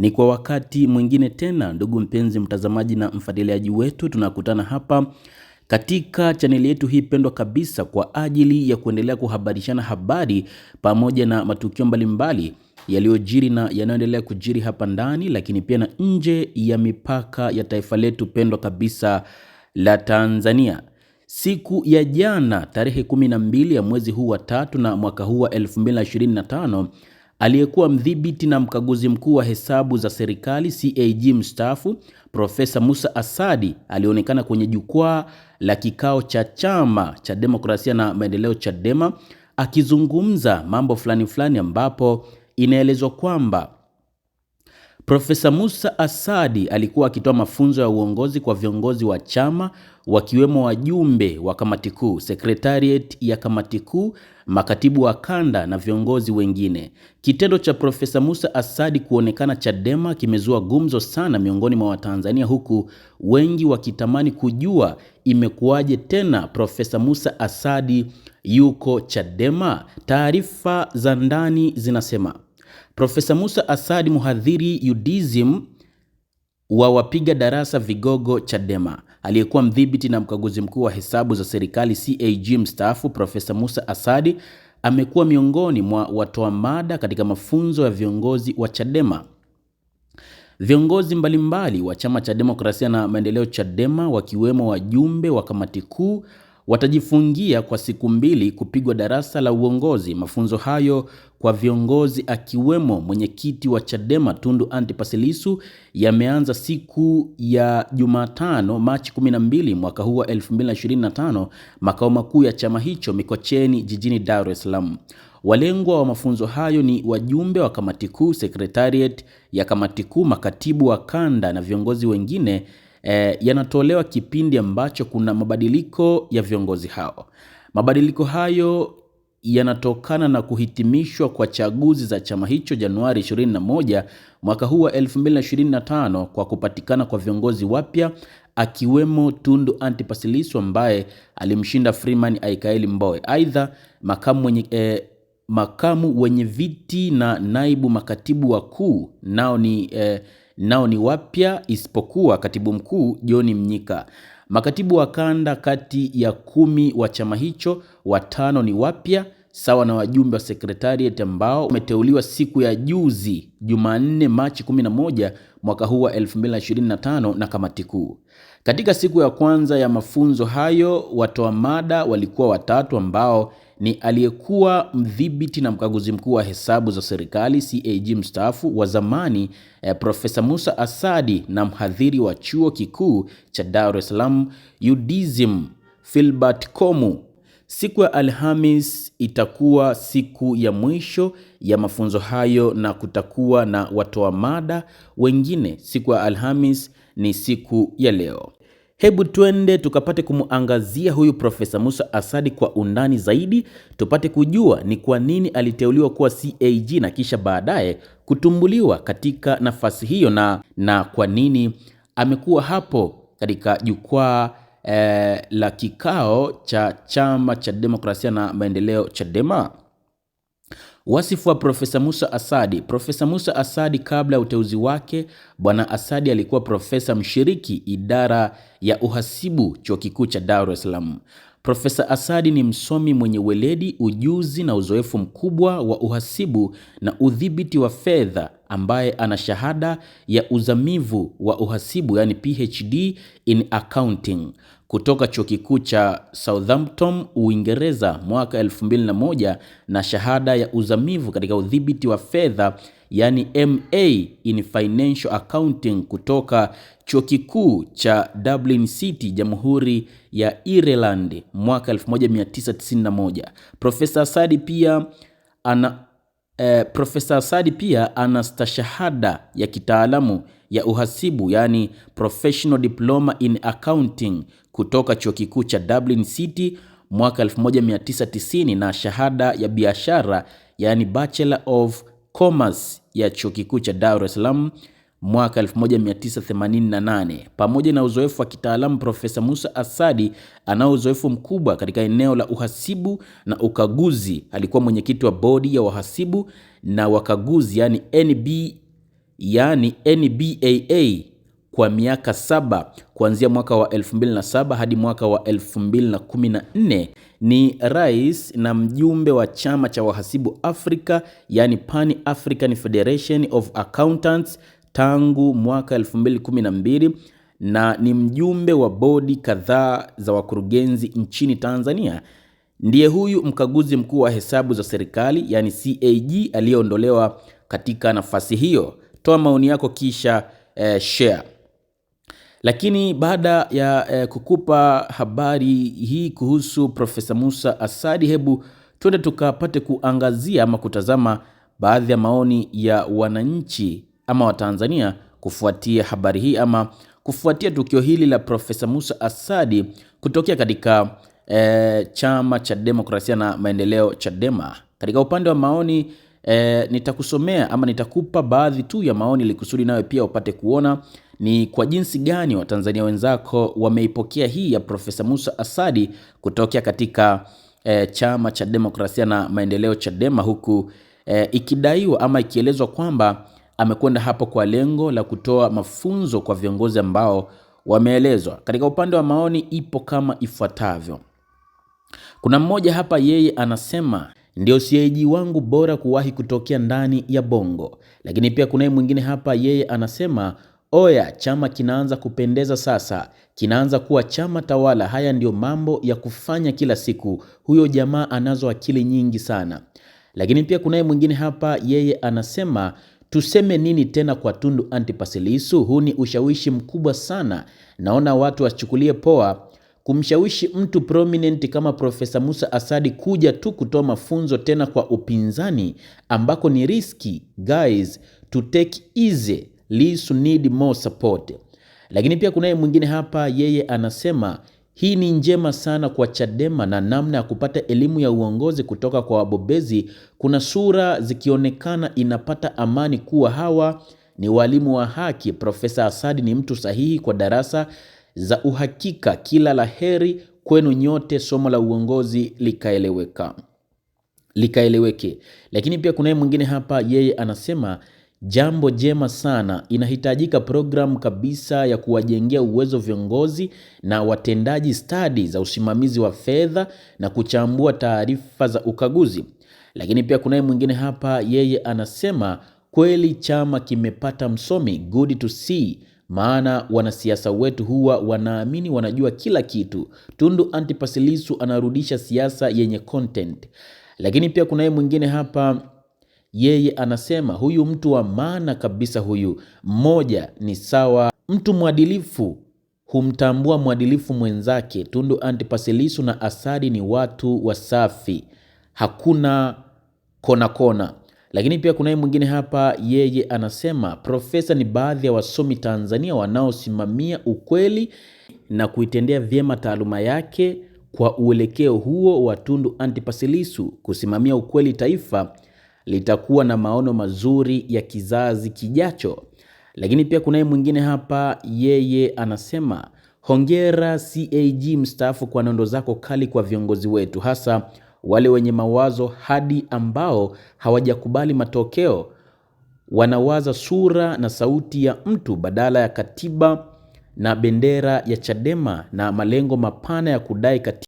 Ni kwa wakati mwingine tena, ndugu mpenzi mtazamaji na mfuatiliaji wetu, tunakutana hapa katika chaneli yetu hii pendwa kabisa kwa ajili ya kuendelea kuhabarishana habari pamoja na matukio mbalimbali yaliyojiri na yanayoendelea kujiri hapa ndani, lakini pia na nje ya mipaka ya taifa letu pendwa kabisa la Tanzania. Siku ya jana tarehe 12 ya mwezi huu wa tatu na mwaka huu wa 2025 Aliyekuwa mdhibiti na mkaguzi mkuu wa hesabu za serikali CAG mstaafu Profesa Musa Asadi alionekana kwenye jukwaa la kikao cha chama cha demokrasia na maendeleo Chadema akizungumza mambo fulani fulani, ambapo inaelezwa kwamba Profesa Musa Asadi alikuwa akitoa mafunzo ya uongozi kwa viongozi wa chama wakiwemo wajumbe wa kamati kuu, sekretariat ya kamati kuu, makatibu wa kanda na viongozi wengine. Kitendo cha Profesa Musa Asadi kuonekana Chadema kimezua gumzo sana miongoni mwa Watanzania, huku wengi wakitamani kujua imekuwaje tena Profesa Musa Asadi yuko Chadema. Taarifa za ndani zinasema Profesa Musa Asadi, mhadhiri UDSM wa wapiga darasa vigogo Chadema, aliyekuwa mdhibiti na mkaguzi mkuu wa hesabu za serikali CAG mstaafu, Profesa Musa Asadi amekuwa miongoni mwa watoa mada katika mafunzo ya viongozi wa Chadema. Viongozi mbalimbali wa chama cha demokrasia na maendeleo Chadema, wakiwemo wajumbe wa kamati kuu watajifungia kwa siku mbili kupigwa darasa la uongozi. Mafunzo hayo kwa viongozi akiwemo mwenyekiti wa Chadema Tundu Antipas Lissu yameanza siku ya Jumatano Machi 12 mwaka huu wa 2025 makao makuu ya chama hicho Mikocheni jijini Dar es Salaam. Walengwa wa mafunzo hayo ni wajumbe wa kamati kuu, sekretariat ya kamati kuu, makatibu wa kanda na viongozi wengine e, yanatolewa kipindi ambacho kuna mabadiliko ya viongozi hao. Mabadiliko hayo yanatokana na kuhitimishwa kwa chaguzi za chama hicho Januari 21 mwaka huu wa 2025 kwa kupatikana kwa viongozi wapya akiwemo Tundu Antipas Lissu ambaye alimshinda Freeman Aikaeli Mbowe. Aidha, makamu wenye, eh, makamu wenye viti na naibu makatibu wakuu nao ni eh, nao ni wapya isipokuwa katibu mkuu John Mnyika. Makatibu wa kanda kati ya kumi wa chama hicho watano ni wapya sawa na wajumbe wa sekretariat ambao wameteuliwa siku ya juzi Jumanne Machi 11 mwaka huu wa 2025 na kamati kuu. Katika siku ya kwanza ya mafunzo hayo, watoa mada walikuwa watatu ambao ni aliyekuwa mdhibiti na mkaguzi mkuu wa hesabu za serikali CAG mstaafu wa zamani eh, Profesa Musa Asadi na mhadhiri wa chuo kikuu cha Dar es Salaam UDSM Filbert Komu Siku ya Alhamis itakuwa siku ya mwisho ya mafunzo hayo na kutakuwa na watoa mada wengine. Siku ya Alhamis ni siku ya leo. Hebu twende tukapate kumwangazia huyu Profesa Musa Asadi kwa undani zaidi, tupate kujua ni kwa nini aliteuliwa kuwa CAG na kisha baadaye kutumbuliwa katika nafasi hiyo na, na kwa nini amekuwa hapo katika jukwaa eh, la kikao cha chama cha demokrasia na maendeleo Chadema. Wasifu wa Profesa Musa Asadi. Profesa Musa Asadi, kabla ya uteuzi wake, Bwana Asadi alikuwa profesa mshiriki idara ya uhasibu chuo kikuu cha Dar es Salaam. Profesa Asadi ni msomi mwenye weledi, ujuzi na uzoefu mkubwa wa uhasibu na udhibiti wa fedha ambaye ana shahada ya uzamivu wa uhasibu yani PhD in accounting kutoka chuo kikuu cha Southampton, Uingereza mwaka 2001 na shahada ya uzamivu katika udhibiti wa fedha yani MA in Financial Accounting kutoka chuo kikuu cha Dublin City, Jamhuri ya Ireland mwaka 1991. Profesa Asadi pia ana eh, Profesa Asadi pia ana stashahada ya kitaalamu ya uhasibu yani Professional Diploma in Accounting kutoka chuo kikuu cha Dublin City mwaka 1990 na shahada ya biashara yani Bachelor of Commerce ya Chuo Kikuu cha Dar es Salaam mwaka 1988. Pamoja na uzoefu wa kitaalamu, Profesa Musa Asadi anao uzoefu mkubwa katika eneo la uhasibu na ukaguzi. Alikuwa mwenyekiti wa bodi ya wahasibu na wakaguzi yani NB, yani NBAA kwa miaka saba kuanzia mwaka wa 2007 hadi mwaka wa 2014 ni rais na mjumbe wa chama cha wahasibu Afrika, yani Pan African Federation of Accountants tangu mwaka 2012 na ni mjumbe wa bodi kadhaa za wakurugenzi nchini Tanzania. Ndiye huyu mkaguzi mkuu wa hesabu za serikali yani CAG aliyeondolewa katika nafasi hiyo. Toa maoni yako kisha eh, share. Lakini baada ya eh, kukupa habari hii kuhusu Profesa Musa Asadi, hebu twende tukapate kuangazia ama kutazama baadhi ya maoni ya wananchi ama Watanzania kufuatia habari hii ama kufuatia tukio hili la Profesa Musa Asadi kutokea katika eh, chama cha demokrasia na maendeleo Chadema. Katika upande wa maoni eh, nitakusomea ama nitakupa baadhi tu ya maoni ili kusudi nawe pia upate kuona ni kwa jinsi gani Watanzania wenzako wameipokea hii ya Profesa Musa Asadi kutokea katika e, chama cha demokrasia na maendeleo Chadema, huku e, ikidaiwa ama ikielezwa kwamba amekwenda hapo kwa lengo la kutoa mafunzo kwa viongozi ambao wameelezwa. Katika upande wa maoni ipo kama ifuatavyo. Kuna mmoja hapa, yeye anasema ndio siaiji wangu bora kuwahi kutokea ndani ya Bongo. Lakini pia kunaye mwingine hapa, yeye anasema Oya, chama kinaanza kupendeza sasa, kinaanza kuwa chama tawala. Haya ndiyo mambo ya kufanya kila siku. Huyo jamaa anazo akili nyingi sana. Lakini pia kunaye mwingine hapa, yeye anasema tuseme nini tena kwa Tundu Antipas Lissu? Huu ni ushawishi mkubwa sana, naona watu wachukulie poa kumshawishi mtu prominent kama Profesa Musa Asadi kuja tu kutoa mafunzo tena kwa upinzani ambako ni riski. Guys, to take easy Lissu need more support. Lakini pia kunaye mwingine hapa, yeye anasema hii ni njema sana kwa Chadema na namna ya kupata elimu ya uongozi kutoka kwa wabobezi. Kuna sura zikionekana, inapata amani kuwa hawa ni walimu wa haki. Profesa Asadi ni mtu sahihi kwa darasa za uhakika. Kila la heri kwenu nyote, somo la uongozi likaeleweka likaeleweke. Lakini pia kunaye mwingine hapa, yeye anasema Jambo jema sana. Inahitajika programu kabisa ya kuwajengea uwezo viongozi na watendaji stadi za usimamizi wa fedha na kuchambua taarifa za ukaguzi. Lakini pia kunaye mwingine hapa, yeye anasema kweli chama kimepata msomi, good to see. Maana wanasiasa wetu huwa wanaamini wanajua kila kitu. Tundu Antipas Lissu anarudisha siasa yenye content. Lakini pia kunaye mwingine hapa yeye anasema huyu mtu wa maana kabisa huyu mmoja ni sawa. Mtu mwadilifu humtambua mwadilifu mwenzake. Tundu Antipas Lissu na Asadi ni watu wasafi, hakuna kona kona. Lakini pia kunaye mwingine hapa, yeye anasema profesa ni baadhi ya wasomi Tanzania wanaosimamia ukweli na kuitendea vyema taaluma yake. Kwa uelekeo huo wa Tundu Antipas Lissu kusimamia ukweli, taifa litakuwa na maono mazuri ya kizazi kijacho. Lakini pia kunaye mwingine hapa, yeye anasema hongera CAG mstaafu kwa nondo zako kali kwa viongozi wetu, hasa wale wenye mawazo hadi ambao hawajakubali matokeo, wanawaza sura na sauti ya mtu badala ya katiba na bendera ya Chadema na malengo mapana ya kudai katiba.